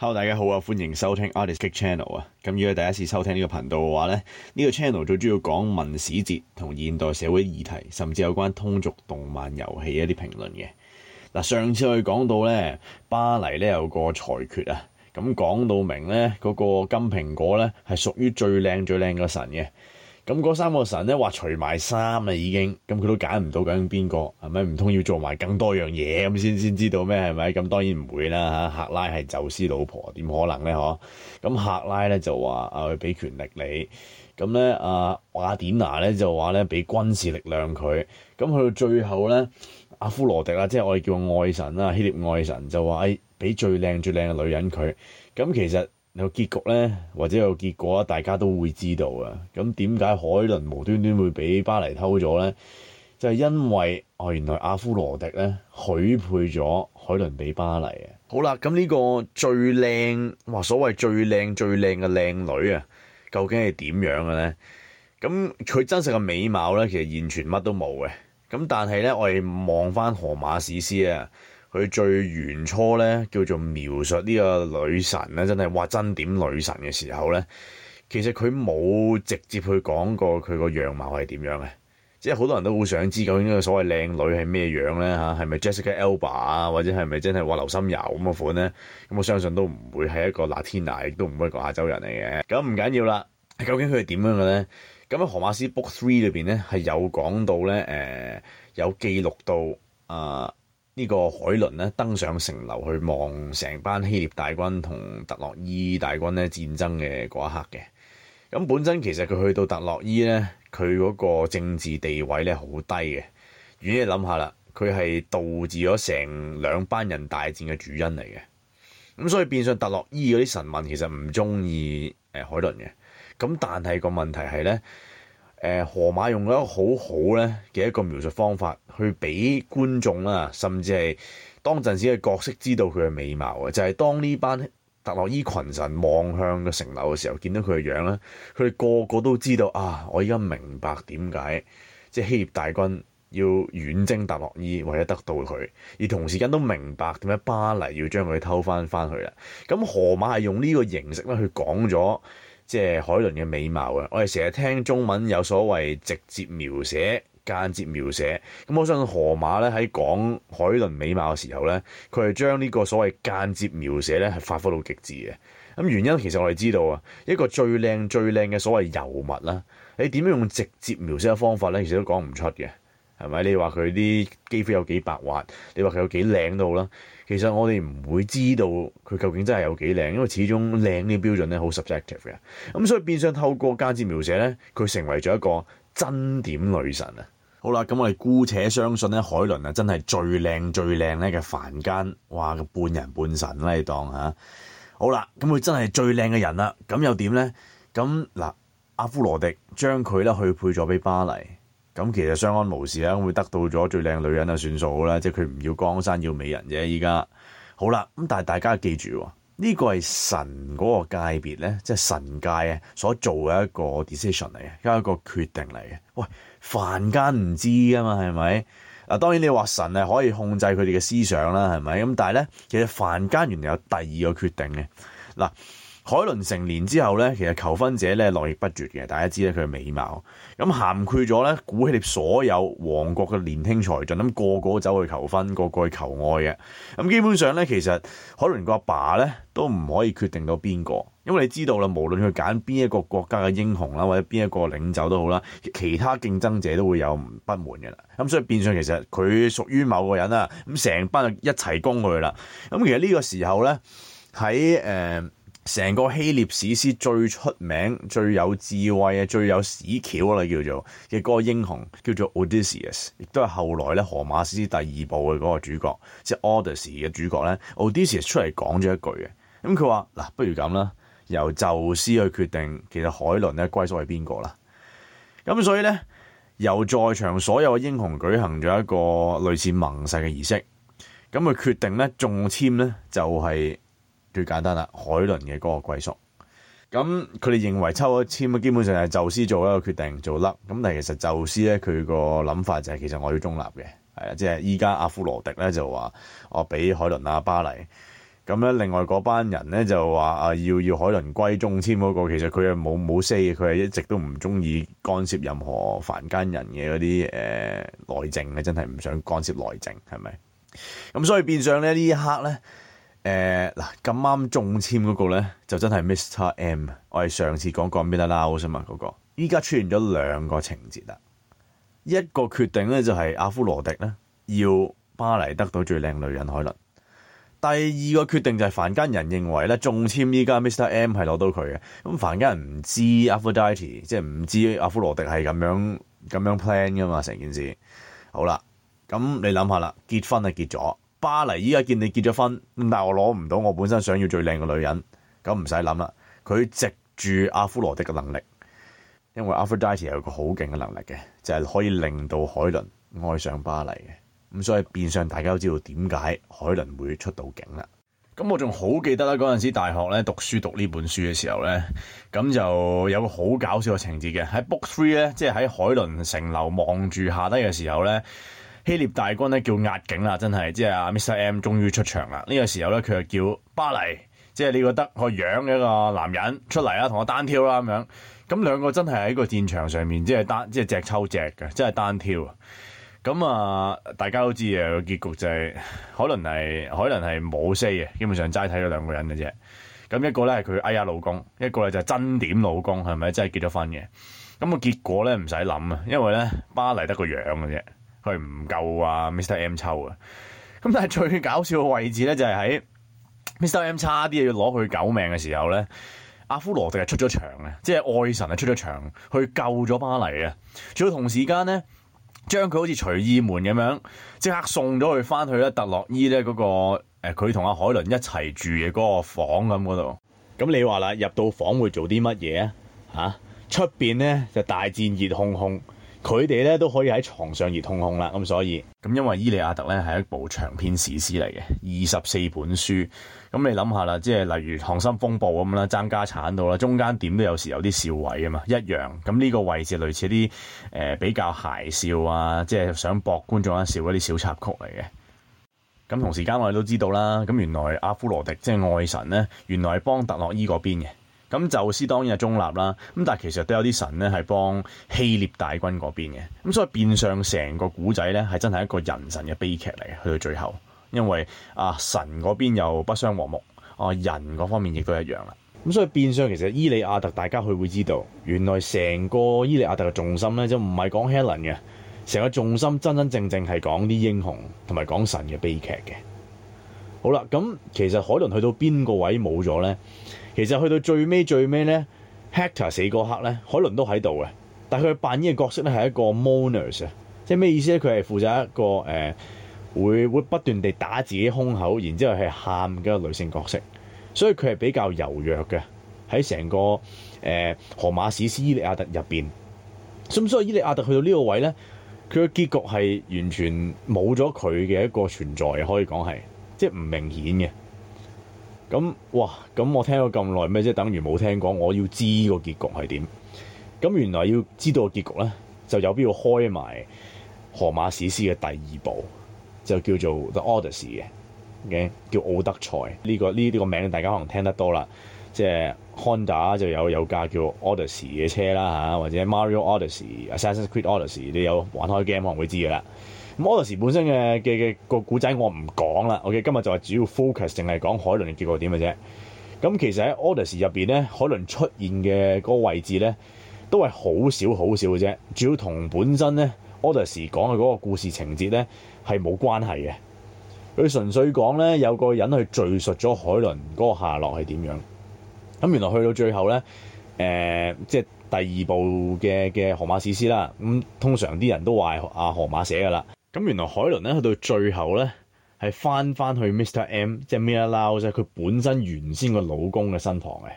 Hello 大家好啊！歡迎收聽 Artistic Channel 啊！咁如果第一次收聽呢個頻道嘅話咧，呢個 channel 最主要講文史節同現代社會議題，甚至有關通俗動漫遊戲一啲評論嘅。嗱，上次我哋講到呢，巴黎呢有個裁決啊，咁講到明呢，嗰個金蘋果呢係屬於最靚最靚嘅神嘅。咁嗰三個神咧話除埋衫啊，已經咁佢都揀唔到究竟邊個，係咪？唔通要做埋更多樣嘢咁先先知道咩？係咪？咁當然唔會啦嚇。赫拉係宙斯老婆，點可能咧？嗬。咁赫拉咧就話啊，俾權力你。咁咧啊，雅典娜咧就話咧俾軍事力量佢。咁去到最後咧，阿芙羅狄亞即係我哋叫愛神啦，希臘愛神就話誒俾最靚最靚嘅女人佢。咁其實。有結局呢，或者有結果大家都會知道啊。咁點解海倫無端端會俾巴黎偷咗呢？就係因為哦，原來阿夫羅迪呢，許配咗海倫俾巴黎啊。好啦，咁呢個最靚，哇！所謂最靚最靚嘅靚女啊，究竟係點樣嘅呢？咁佢真實嘅美貌呢，其實完全乜都冇嘅。咁但係呢，我哋望翻荷馬史詩啊。佢最原初咧叫做描述呢個女神咧，真係話真點女神嘅時候咧，其實佢冇直接去講過佢個樣貌係點樣嘅，即係好多人都好想知究竟個所謂靚女係咩樣咧嚇，係、啊、咪 Jessica Alba 啊，或者係咪真係話劉心悠咁個款咧？咁、嗯、我相信都唔會係一個 Latina，亦都唔會係一個亞洲人嚟嘅。咁唔緊要啦，究竟佢係點樣嘅咧？咁喺荷馬斯 book three 裏邊咧，係有講到咧誒、呃，有記錄到啊。呃呢個海倫咧登上城樓去望成班希臘大軍同特洛伊大軍咧戰爭嘅嗰一刻嘅，咁本身其實佢去到特洛伊咧，佢嗰個政治地位咧好低嘅，如果你諗下啦，佢係導致咗成兩班人大戰嘅主因嚟嘅，咁所以變相特洛伊嗰啲神民其實唔中意誒海倫嘅，咁但係個問題係咧。誒河馬用咗一個好好咧嘅一個描述方法，去俾觀眾啦，甚至係當陣時嘅角色知道佢嘅美貌啊。就係、是、當呢班特洛伊群臣望向個城樓嘅時候，見到佢嘅樣咧，佢哋個個都知道啊！我而家明白點解即係希臘大軍要遠征特洛伊，為咗得到佢，而同時間都明白點解巴黎要將佢偷翻翻去啦。咁河馬係用呢個形式咧去講咗。即係海倫嘅美貌啊！我哋成日聽中文有所謂直接描寫、間接描寫，咁我相信荷馬咧喺講海倫美貌嘅時候咧，佢係將呢個所謂間接描寫咧係發揮到極致嘅。咁原因其實我哋知道啊，一個最靚最靚嘅所謂尤物啦，你點樣用直接描寫嘅方法咧，其實都講唔出嘅。係咪？你話佢啲肌膚有幾白滑？你話佢有幾靚都好啦。其實我哋唔會知道佢究竟真係有幾靚，因為始終靚呢個標準咧好 subjective 嘅。咁所以變相透過間接描寫咧，佢成為咗一個真點女神啊！好啦，咁我哋姑且相信咧，海倫啊真係最靚最靚咧嘅凡間，哇個半人半神啦，你當嚇。好啦，咁佢真係最靚嘅人啦。咁又點咧？咁嗱，阿芙羅狄將佢咧去配咗俾巴黎。咁其實相安無事咧，會得到咗最靚女人就算數啦，即係佢唔要江山要美人啫。依家好啦，咁但係大家記住，呢個係神嗰個界別咧，即係神界所做嘅一個 decision 嚟嘅，一個決定嚟嘅。喂，凡間唔知啊嘛，係咪？嗱，當然你話神係可以控制佢哋嘅思想啦，係咪？咁但係咧，其實凡間原來有第二個決定嘅嗱。海倫成年之後咧，其實求婚者咧絡繹不絕嘅。大家知咧佢美貌，咁、嗯、涵括咗咧古希臘所有王國嘅年輕才俊，咁個個走去求婚，個個去求愛嘅。咁、嗯、基本上咧，其實海倫個阿爸咧都唔可以決定到邊個，因為你知道啦，無論佢揀邊一個國家嘅英雄啦，或者邊一個領袖都好啦，其他競爭者都會有唔不滿嘅啦。咁、嗯、所以變相其實佢屬於某個人啦，咁成班一齊攻佢啦。咁、嗯、其實呢個時候咧喺誒。成個希臘史詩最出名、最有智慧嘅、最有史橋啦，叫做嘅嗰個英雄叫做 Odysseus，亦都係後來咧荷馬史詩第二部嘅嗰個主角，即 Odyssey 嘅主角咧。Odysseus 出嚟講咗一句嘅，咁佢話：嗱，不如咁啦，由宙斯去決定，其實海倫咧歸屬係邊個啦？咁所以咧，由在場所有嘅英雄舉行咗一個類似盟誓嘅儀式，咁佢決定咧中簽咧就係、是。最簡單啦，海倫嘅嗰個歸屬，咁佢哋認為抽咗籤，基本上係宙斯做一個決定做甩，咁但係其實宙斯咧佢個諗法就係、是、其實我要中立嘅，係啦，即係依家阿芙羅狄咧就話我俾海倫啊巴黎，咁咧另外嗰班人咧就話啊要要海倫歸中籤嗰、那個，其實佢係冇冇 say 嘅，佢係一直都唔中意干涉任何凡間人嘅嗰啲誒內政嘅，真係唔想干涉內政，係咪？咁所以變相咧呢一刻咧。誒，嗱咁啱中簽嗰個咧，就真係 Mr. M，我哋上次講過 Mr. Lau 啫嘛，嗰個依家出現咗兩個情節啊，一個決定咧就係阿夫羅迪咧要巴黎得到最靚女人海倫，第二個決定就係凡間人認為咧中簽依家 Mr. M 係攞到佢嘅，咁凡間人唔知 Aphrodite，即係唔知阿夫羅迪係咁樣咁樣 plan 噶嘛成件事，好啦，咁你諗下啦，結婚啊結咗。巴黎依家見你結咗婚，但係我攞唔到我本身想要最靚嘅女人，咁唔使諗啦。佢藉住阿夫羅狄嘅能力，因為阿夫羅狄有個好勁嘅能力嘅，就係可以令到海倫愛上巴黎嘅。咁所以變相大家都知道點解海倫會出到境啦。咁我仲好記得啦，嗰陣時大學咧讀書讀呢本書嘅時候咧，咁就有個好搞笑嘅情節嘅，喺 book three 咧，即係喺海倫城樓望住下低嘅時候咧。希臘大軍咧叫壓境啦，真係，即係阿 Mr M 終於出場啦。呢、這個時候咧，佢係叫巴黎，即係你覺得個樣嘅一個男人出嚟啊，同我單挑啦、啊、咁樣。咁兩個真係喺個戰場上面，即係單，即係隻抽隻嘅，即係單挑。咁啊，大家都知啊，個結局就係、是、可能係海倫係冇 say 嘅，基本上齋睇咗兩個人嘅啫。咁一個咧係佢哎呀老公，一個咧就係真點老公，係咪真係結咗婚嘅？咁、那個結果咧唔使諗啊，因為咧巴黎得個樣嘅啫。佢唔夠啊，Mr M 抽啊！咁但係最搞笑嘅位置咧，就係、是、喺 Mr M 差啲要攞佢狗命嘅時候咧，阿芙羅狄出咗場嘅，即係愛神啊出咗場去救咗巴黎啊！仲要同時間咧，將佢好似隨意門咁樣，即刻送咗佢翻去咧特洛伊咧、那、嗰個誒，佢同阿海倫一齊住嘅嗰個房咁嗰度。咁你話啦，入到房會做啲乜嘢啊？吓，出邊咧就大戰熱烘烘。佢哋咧都可以喺床上而痛控啦，咁所以咁因為《伊利亞特》咧係一部長篇史詩嚟嘅，二十四本書，咁你諗下啦，即係例如《溏心風暴》咁啦，爭家產到啦，中間點都有時有啲笑位啊嘛，一樣，咁呢個位置類似啲誒、呃、比較邪笑啊，即係想博觀眾一笑嗰啲小插曲嚟嘅。咁同時間我哋都知道啦，咁原來阿芙羅狄，即係愛神呢，原來係幫特洛伊嗰邊嘅。咁宙斯當然係中立啦，咁但係其實都有啲神呢係幫希臘大軍嗰邊嘅，咁所以變相成個古仔呢係真係一個人神嘅悲劇嚟嘅。去到最後，因為啊神嗰邊又不相和睦，啊人嗰方面亦都一樣啦，咁所以變相其實伊利亞特大家去會知道，原來成個伊利亞特嘅重心呢就唔係講 Helen 嘅，成個重心真真正正係講啲英雄同埋講神嘅悲劇嘅。好啦，咁其實海倫去到邊個位冇咗呢？其實去到最尾最尾呢，Hector 死嗰刻呢，海倫都喺度嘅。但係佢扮演嘅角色呢，係一個 mourner 啊，即係咩意思呢？佢係負責一個誒、呃，會會不斷地打自己胸口，然之後係喊嘅一個女性角色。所以佢係比較柔弱嘅。喺成個誒荷、呃、馬史詩《伊莉亞特》入邊，咁所以《伊莉亞特》去到呢個位呢，佢嘅結局係完全冇咗佢嘅一個存在，可以講係即係唔明顯嘅。咁、嗯、哇，咁我聽咗咁耐咩？即等於冇聽講，我要知個結局係點？咁原來要知道個結局咧，就有必要開埋《荷馬史詩》嘅第二部，就叫做 The Odyssey 嘅，叫奧德賽。呢、呢個呢呢、呢個名大家可能聽得多啦，即係 Honda 就有有架叫 Odyssey 嘅車啦嚇，或者 Mario Odyssey、《Assassin's Creed Odyssey》，你有玩開 game 可能會知噶啦。咁《奧德斯》本身嘅嘅嘅個故仔我唔講啦，OK，今日就係主要 focus 淨係講海倫嘅結果點嘅啫。咁其實喺《奧德斯》入邊咧，海倫出現嘅嗰個位置咧，都係好少好少嘅啫。主要同本身咧《奧德斯》講嘅嗰個故事情節咧係冇關係嘅。佢純粹講咧有個人去敍述咗海倫嗰個下落係點樣。咁原來去到最後咧，誒、呃，即係第二部嘅嘅《荷馬史詩》啦、嗯。咁通常啲人都話阿荷馬寫噶啦。咁原來海倫咧，去到最後咧，係翻翻去 Mr M 即係 Menelaus 即係，佢本身原先個老公嘅身旁嘅。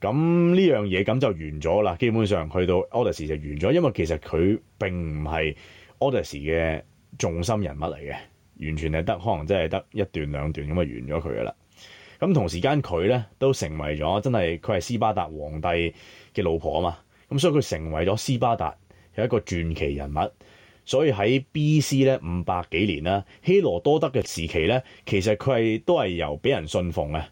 咁呢樣嘢咁就完咗啦。基本上去到 Odyssey 就完咗，因為其實佢並唔係 Odyssey 嘅重心人物嚟嘅，完全係得可，可能真係得一段兩段咁啊完咗佢噶啦。咁同時間佢咧都成為咗真係佢係斯巴達皇帝嘅老婆啊嘛。咁所以佢成為咗斯巴達嘅一個傳奇人物。所以喺 B.C. 咧五百幾年啦，希羅多德嘅時期咧，其實佢係都係由俾人信奉嘅，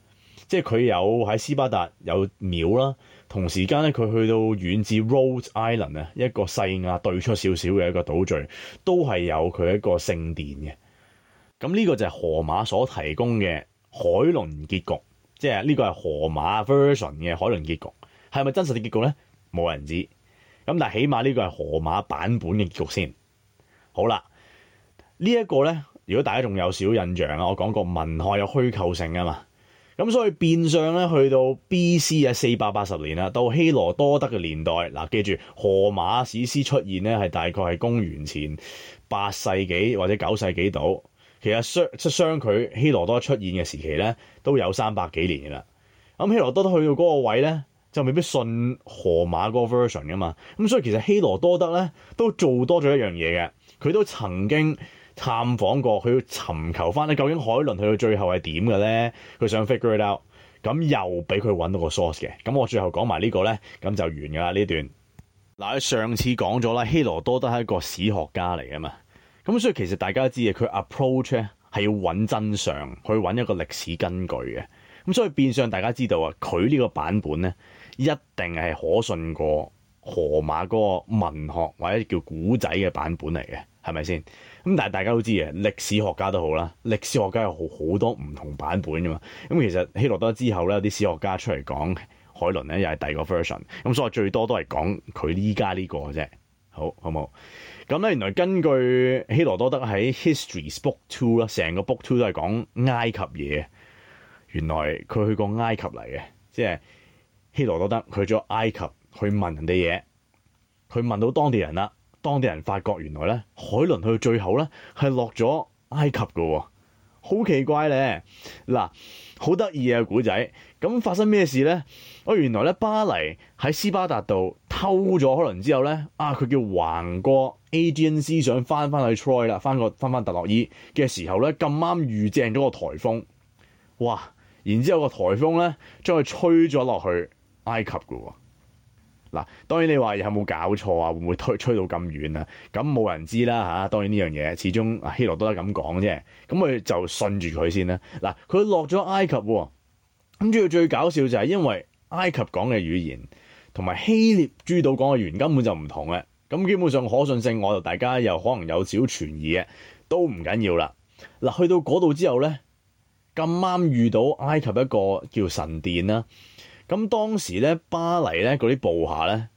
即係佢有喺斯巴達有廟啦。同時間咧，佢去到遠至 Rhodes Island 啊，一個西亞對出少少嘅一個島嶼，都係有佢一個聖殿嘅。咁呢個就係荷馬所提供嘅海倫結局，即係呢個係荷馬 version 嘅海倫結局，係咪真實嘅結局咧？冇人知。咁但係起碼呢個係荷馬版本嘅結局先。好啦，呢、這、一個呢，如果大家仲有少印象啊，我講過文學有虛構性啊嘛，咁所以變相呢，去到 B.C. 啊四百八十年啦，到希羅多德嘅年代嗱，記住荷馬史詩出現呢係大概係公元前八世紀或者九世紀度。其實相相距希羅多德出現嘅時期呢都有三百幾年啦。咁希羅多德去到嗰個位呢，就未必信荷馬嗰個 version 㗎嘛，咁所以其實希羅多德呢都做多咗一樣嘢嘅。佢都曾經探訪過，佢要尋求翻咧，究竟海倫去到最後係點嘅咧？佢想 figure it out，咁又俾佢揾到個 source 嘅。咁我最後講埋呢個咧，咁就完㗎啦呢段。嗱，佢上次講咗啦，希羅多德係一個史學家嚟啊嘛。咁所以其實大家都知嘅，佢 approach 咧係要揾真相，去揾一個歷史根據嘅。咁所以變相大家知道啊，佢呢個版本咧一定係可信過。荷馬嗰個文學或者叫古仔嘅版本嚟嘅，係咪先？咁但係大家都知嘅，歷史學家都好啦，歷史學家有好好多唔同版本㗎嘛。咁其實希羅多德之後咧，有啲史學家出嚟講海倫咧，又係第二個 version。咁所以我最多都係講佢依家呢個啫。好好冇。咁咧，原來根據希羅多德喺 History Book Two 啦，成個 Book Two 都係講埃及嘢。原來佢去過埃及嚟嘅，即係希羅多德去咗埃及。去問人哋嘢，佢問到當地人啦。當地人發覺原來咧，海倫去到最後咧係落咗埃及嘅喎、哦，好奇怪咧。嗱，好得意嘅古仔。咁發生咩事咧？哦，原來咧巴黎喺斯巴達度偷咗海倫之後咧，啊佢叫橫過 A D N C 想翻翻去 Troy 啦，翻個翻翻特洛伊嘅時候咧，咁啱遇正咗個颱風，哇！然之後個颱風咧將佢吹咗落去埃及嘅喎、哦。嗱，當然你話有冇搞錯啊？會唔會吹吹到咁遠啊？咁冇人知啦嚇。當然呢樣嘢始終希羅都係咁講啫。咁佢就信住佢先啦。嗱，佢落咗埃及，咁仲要最搞笑就係因為埃及講嘅語言同埋希臘諸島講嘅語言根本就唔同嘅。咁基本上可信性我同大家又可能有少少存疑嘅，都唔緊要啦。嗱，去到嗰度之後呢，咁啱遇到埃及一個叫神殿啦。咁當時咧，巴黎咧嗰啲部下咧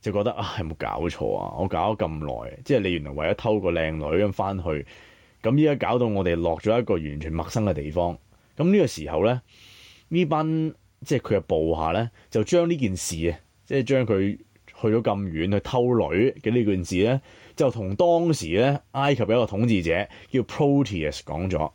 就覺得啊，有冇搞錯啊？我搞咗咁耐，即係你原來為咗偷個靚女咁返去，咁依家搞到我哋落咗一個完全陌生嘅地方。咁呢個時候咧，呢班即係佢嘅部下咧，就將呢件事啊，即係將佢去咗咁遠去偷女嘅呢段事咧，就同當時咧埃及嘅一個統治者叫 Proteus 講咗。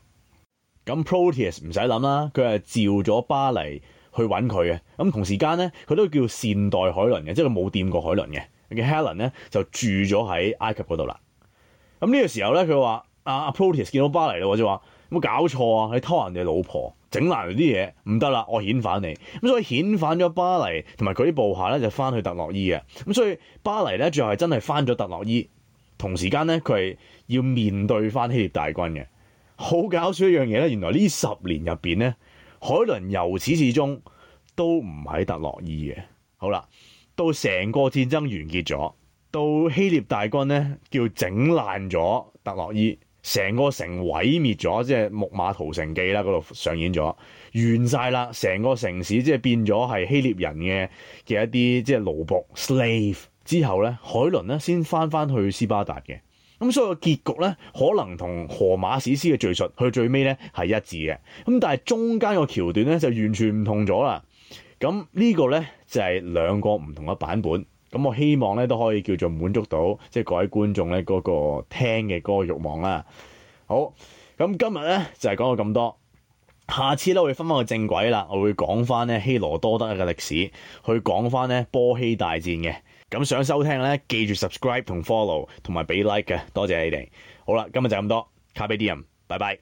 咁 Proteus 唔使諗啦，佢係召咗巴黎。去揾佢嘅，咁同時間咧，佢都叫善待海倫嘅，即係佢冇掂過海倫嘅。嘅 Helen 咧就住咗喺埃及嗰度啦。咁呢個時候咧，佢、啊、話：阿阿 Proteus 見到巴黎咯，我就話：冇搞錯啊！你偷人哋老婆，整爛人啲嘢，唔得啦！我遣返你。咁所以遣返咗巴黎，同埋佢啲部下咧就翻去特洛伊嘅。咁所以巴黎咧最後係真係翻咗特洛伊。同時間咧，佢係要面對翻希臘大軍嘅。好搞笑一樣嘢咧，原來呢十年入邊咧。海倫由始至終都唔喺特洛伊嘅。好啦，到成個戰爭完結咗，到希臘大軍咧叫整爛咗特洛伊，成個城毀滅咗，即係木馬屠城記啦，嗰度上演咗完晒啦。成個城市即係變咗係希臘人嘅嘅一啲即係勞僕 slave 之後咧，海倫咧先翻翻去斯巴達嘅。咁所以個結局咧，可能同荷馬史詩嘅敘述去最尾咧係一致嘅。咁但係中間個橋段咧就完全唔同咗啦。咁、這、呢個咧就係兩個唔同嘅版本。咁我希望咧都可以叫做滿足到即係各位觀眾咧嗰個聽嘅個欲望啦。好，咁今日咧就係講到咁多，下次咧我會翻返個正軌啦。我會講翻咧希羅多德嘅歷史，去講翻咧波希大戰嘅。咁想收聽咧，記住 subscribe 同 follow 同埋俾 like 嘅，多謝你哋。好啦，今日就咁多，卡俾啲人，拜拜。